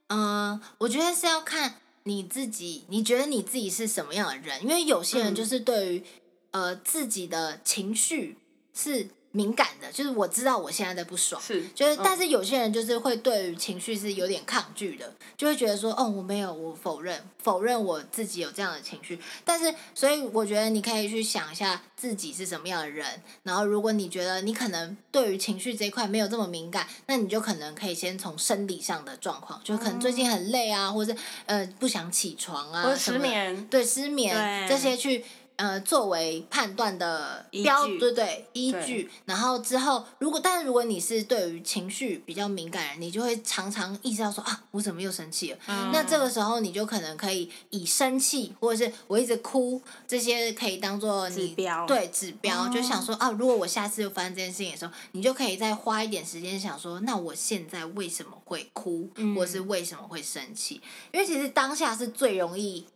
嗯、呃，我覺得是要看你自己，你覺得你自己是什麼樣的人？因為有些人就是對於、嗯、呃自己的情緒是。敏感的，就是我知道我現在的不爽，是，就是，但是有些人就是會對於情緒是有點抗拒的，就會覺得說，哦，我沒有，我否認，否認我自己有這樣的情緒。但是，所以我覺得你可以去想一下自己是什麼樣的人，然後如果你覺得你可能對於情緒這一塊沒有這麼敏感，那你就可能可以先從生理上的狀況，就可能最近很累啊，嗯、或者是呃不想起床啊，或者失眠什麼的，對，失眠，對這些去。呃，作為判斷的標，對對依據，然後之後，如果，但如果你是對於情緒比較敏感人，你就會常常意識到說啊，我怎麼又生氣了？嗯、那這個時候，你就可能可以以生氣或者是我一直哭這些，可以當做你指標，對指標，嗯、就想說啊，如果我下次又發生這件事情的時候，你就可以再花一點時間想說，那我現在為什麼會哭，或是為什麼會生氣？嗯、因為其實當下是最容易。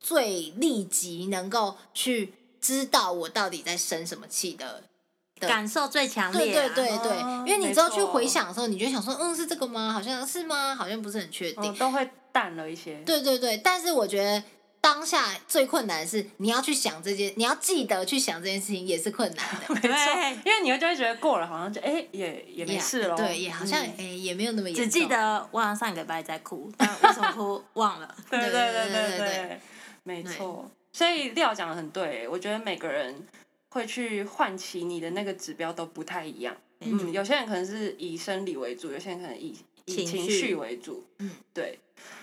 最立即能夠去知道我到底在生什麼氣的，感受最強烈，啊。對對對對，哦，因為你只要去回想的時候，沒錯，你就想說，嗯，是這個嗎？好像是嗎？好像不是很確定，哦，都會淡了一些。對對對，但是我覺得當下最困難的是你要去想這件，你要記得去想這件事情也是困難的。嗯、沒錯，因為你就會覺得過了，好像就哎、欸、也也沒事了，yeah, 對，也好像哎、嗯欸、也沒有那麼嚴重。只記得我好像上個禮拜在哭，但為什麼哭 [laughs] 忘了？對，對對對對對。沒錯，所以廖講的很對，我覺得每個人會去喚起你的那個指標都不太一樣。嗯，有些人可能是以生理為主，有些人可能以以情緒為主。嗯，情緒，對。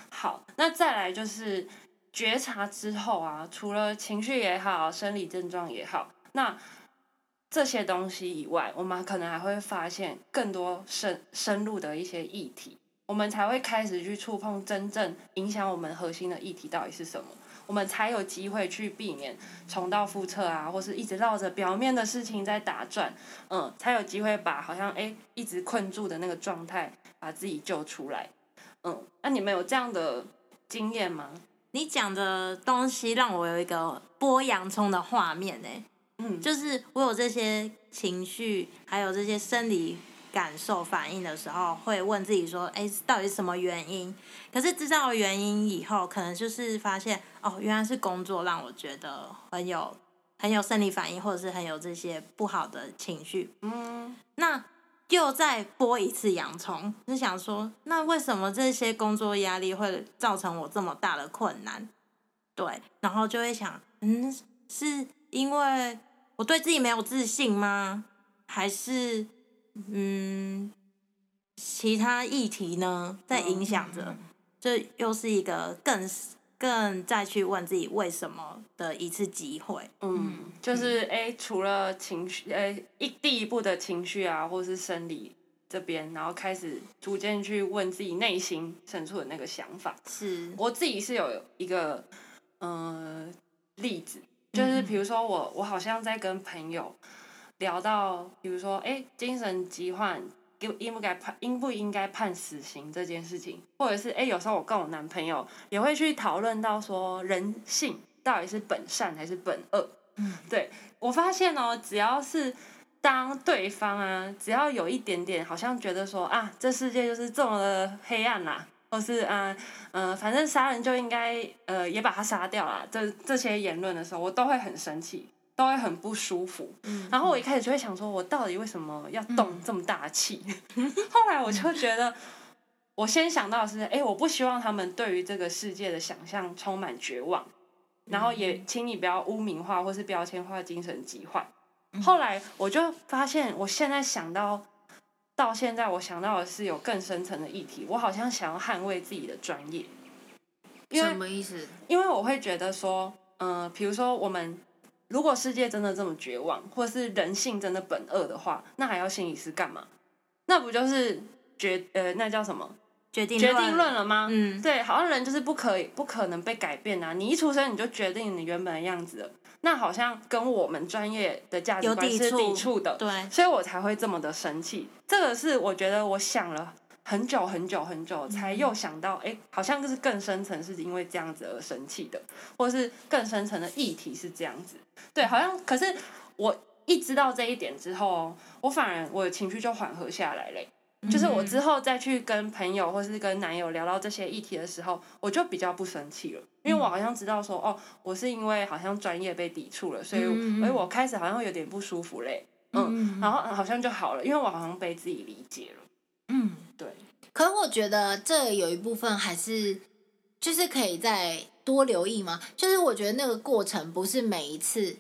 好，那再來就是覺察之後啊，除了情緒也好，生理症狀也好，那這些東西以外，我們可能還會發現更多深深入的一些議題，我們才會開始去觸碰真正影響我們核心的議題到底是什麼。我們才有機會去避免重蹈覆轍啊，或是一直繞着表面的事情在打轉，嗯，才有機會把好像誒一直困住的那個狀態把自己救出來，嗯，那、啊、你們有這樣的經驗嗎？你講的東西讓我有一個剝洋蔥的畫面呢、欸。嗯，就是我有這些情緒，還有這些生理感受反應的時候，會問自己說：“哎，到底什麼原因？”可是知道原因以後，可能就是發現哦，原來是工作讓我覺得很有、很有生理反應，或者是很有這些不好的情緒。嗯，那就再播一次洋蔥，就想說：那為什麼這些工作壓力會造成我這麼大的困難？對，然後就會想：嗯，是因為我對自己沒有自信嗎？還是？嗯，其他議題呢，在影響着，這、嗯、又是一個更更再去問自己為什麼的一次機會。嗯，嗯就是誒、欸，除了情緒誒、欸、一第一步的情緒啊，或是生理這邊，然後開始逐漸去問自己內心深處的那個想法。是，我自己是有一個嗯、呃、例子，就是比如說我、嗯、我好像在跟朋友。聊到比如說，哎、欸，精神疾患應應不該判應不應該判死刑這件事情，或者是哎、欸，有時候我跟我男朋友也會去討論到說，人性到底是本善還是本惡？嗯、對，我發現哦、喔，只要是當對方啊，只要有一點點好像覺得說啊，這世界就是這麼的黑暗啦，或是啊，嗯、呃，反正殺人就應該呃也把他殺掉啦，這這些言論的時候，我都會很生氣。都會很不舒服，嗯、然後我一開始就會想說，嗯、我到底為什麼要動這麼大氣？ [laughs] 後來我就覺得，嗯、我先想到的是，哎，我不希望他們對於這個世界的想象充滿絕望，嗯、然後也請你不要污名化或是標籤化精神疾患。嗯、後來我就發現，我現在想到，到現在我想到的是有更深層的議題，我好像想要捍衛自己的專業，因為，什麼意思？因為我會覺得說，嗯、呃，比如說我們。如果世界真的這麼絕望，或是人性真的本惡的話，那還要心理師幹嘛？那不就是決，呃，那叫什麼？決定決定論了嗎？嗯，對，好像人就是不可以不可能被改變啊，你一出生你就決定你原本的樣子了，那好像跟我們專業的價值觀是抵觸的，對，所以我才會這麼的生氣。這個是我覺得我想了。很久很久很久才又想到，哎、嗯嗯欸，好像就是更深層是因為這樣子而生氣的，或是更深層的議題是這樣子。對，好像可是我一知道這一點之後，我反而我的情緒就緩和下來嘞、欸。就是我之後再去跟朋友或是跟男友聊到這些議題的時候，我就比較不生氣了，因為我好像知道說，嗯、哦，我是因為好像專業被抵觸了，所以，嗯嗯所以我開始好像有點不舒服嘞、欸。嗯，嗯嗯然後、嗯、好像就好了，因為我好像被自己理解了。嗯。對，可是我覺得這有一部分還是就是可以再多留意嗎？就是我覺得那個過程不是每一次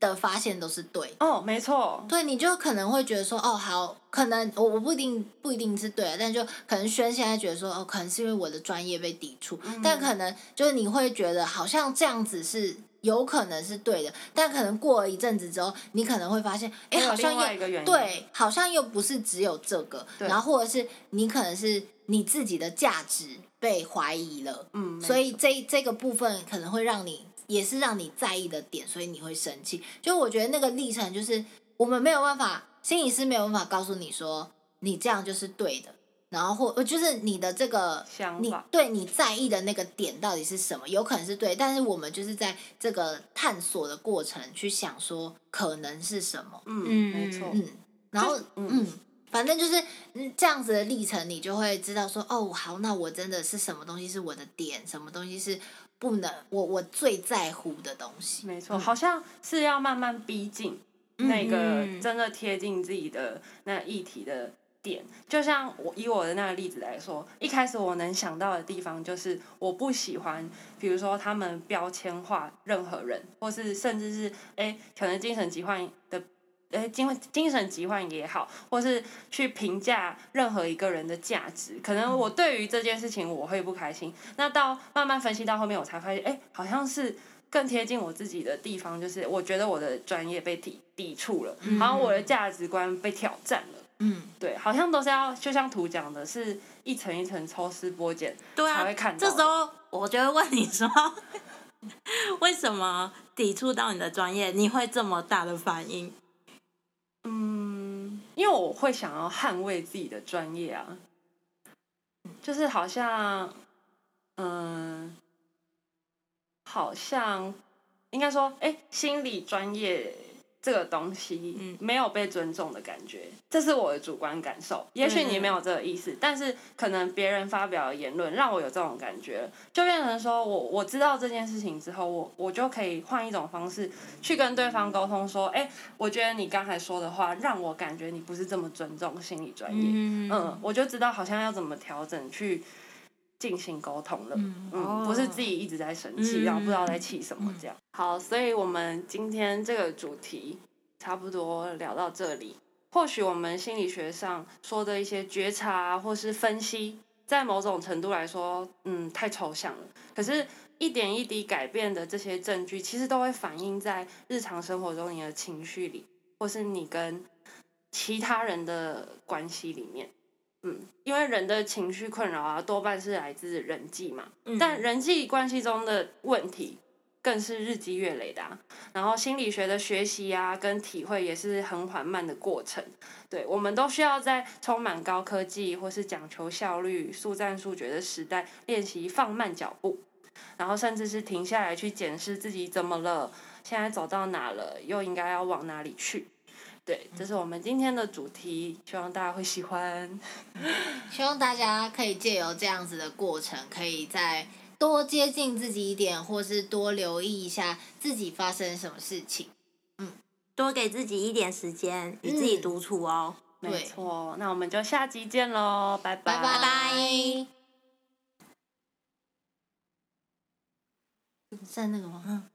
的發現都是對哦，沒錯，對，你就可能會覺得說，哦，好，可能我我不一定不一定是對的，但就可能軒現在覺得說，哦，可能是因為我的專業被抵觸，嗯、但可能就是你會覺得好像這樣子是。有可能是對的，但可能過了一陣子之後，你可能會發現，哎，好像又對，好像又不是只有這個，對然後或者是你可能是你自己的價值被懷疑了，嗯，所以這這個部分可能會讓你也是讓你在意的點，所以你會生氣。就我覺得那個歷程就是我們沒有辦法，心理師沒有辦法告訴你說你這樣就是對的。然後或就是你的這個，想法你對你在意的那個點到底是什麼？有可能是對，但是我們就是在這個探索的過程去想說可能是什麼。嗯，嗯沒錯。嗯，然後嗯，嗯反正就是、嗯、這樣子的歷程，你就會知道說哦，好，那我真的是什麼東西是我的點，什麼東西是不能我我最在乎的東西。沒錯，嗯、好像是要慢慢逼近那個真的貼近自己的那議題的。就像我以我的那個例子來說，一開始我能想到的地方就是我不喜歡，比如說他們標籤化任何人，或是甚至是哎，可能精神疾患的哎、欸、精、精神疾患也好，或是去評價任何一個人的價值，可能我對於這件事情我會不開心。那到慢慢分析到後面，我才發現哎、欸，好像是更貼近我自己的地方，就是我覺得我的專業被抵、抵觸了，然後我的價值觀被挑戰了。嗯嗯， [noise] 對，好像都是要就像圖講的，是一層一層抽絲剝繭，對啊、才會看到。這時候我就會問你說， [laughs] 為什麼抵觸到你的專業，你會這麼大的反應？嗯，因為我會想要捍衛自己的專業啊，就是好像，嗯，好像應該說，哎、欸，心理專業。這個東西沒有被尊重的感覺，這是我的主觀感受。也許你也沒有這個意思，但是可能別人發表的言論讓我有這種感覺，就變成說我我知道這件事情之後，我我就可以換一種方式去跟對方溝通，說，哎，我覺得你剛才說的話讓我感覺你不是這麼尊重心理專業，嗯，我就知道好像要怎麼調整去。進行溝通了，嗯，不、哦、是自己一直在生氣，嗯、然後不知道在氣什麼這樣。嗯、好，所以我們今天這個主題差不多聊到這裡。或許我們心理學上說的一些覺察或是分析，在某種程度來說，嗯，太抽象了。可是，一點一滴改變的這些證據，其實都會反映在日常生活中你的情緒裡，或是你跟其他人的關係裡面。嗯，因為人的情緒困擾啊，多半是來自人際嘛。嗯。但人際關係中的問題，更是日積月累的啊。然後心理學的學習啊，跟體會也是很緩慢的過程。對，我們都需要在充滿高科技或是講求效率、速戰速決的時代，練習放慢腳步，然後甚至是停下來去檢視自己怎麼了，現在走到哪了，又應該要往哪裡去。對，這是我們今天的主題，希望大家會喜歡。 [laughs] 希望大家可以借由這樣子的過程，可以再多接近自己一點，或是多留意一下自己發生什麼事情。嗯，多給自己一點時間，與自己獨處哦。嗯，沒錯，對那我們就下集見嘍，拜拜拜拜。Bye bye bye 在那個嗎？